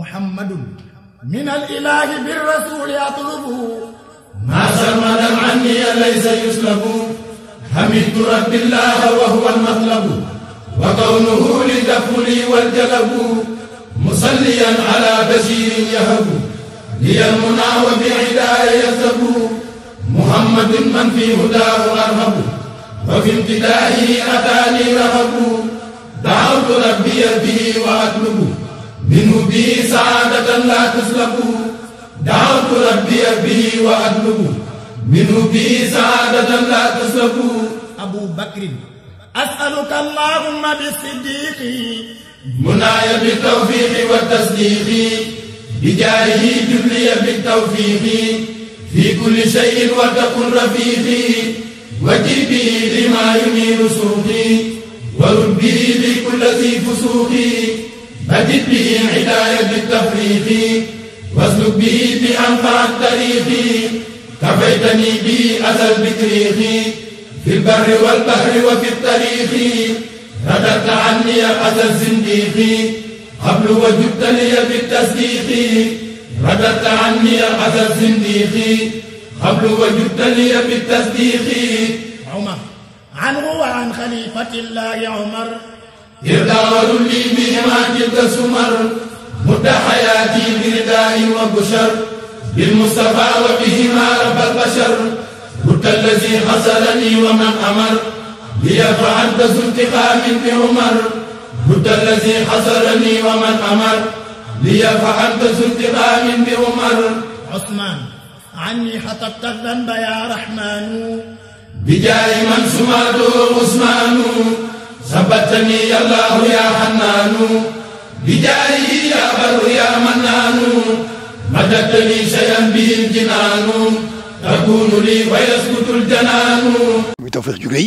محمد من الإله بالرسول أطلبه ما سرمدا عني ليس يسلب حمدت رب الله وهو المطلب وكونه للدفل والجلب مصليا على بشير يهب لي المنى وبعداي يذهب محمد من في هداه أرهب وفي امتدائه أتاني رهب دعوت ربي به وأطلبه بي سعادة لا تسلب دعوت ربي به وأطلب منه بي سعادة لا تسلب أبو بكر أسألك اللهم بالصديق منايا بالتوفيق والتصديق بجاهه جلي بالتوفيق في كل شيء وتكن رفيقي وجبي لما ينير سوقي وربي بكل ذي فسوقي فجد به عناية بالتفريط واسلك به بأنفع الطريق كفيتني به أذى البكريق في البر والبحر وفي الطريق رددت عني أذى الزنديق قبل وجدتني بالتصديق رددت عني أذى الزنديق قبل وجدتني بالتصديق عمر عنه وعن خليفة الله عمر يدور لي بما تلك سمر مد حياتي برداء وبشر بالمصطفى وبهما رب البشر مد الذي حصلني ومن امر ليرفع الدس انتقام بعمر مد الذي حصلني ومن امر ليرفع الدس انتقام بعمر عثمان عني حطبت الذنب يا رحمن بجاه من سمعته عثمان sabatani allahu ya xannaanu bijaayi ya baru ya mannaanu madatani sayan bihim jinaanu takunu li wa yaskutul janaanu muy tawfeex ju rëy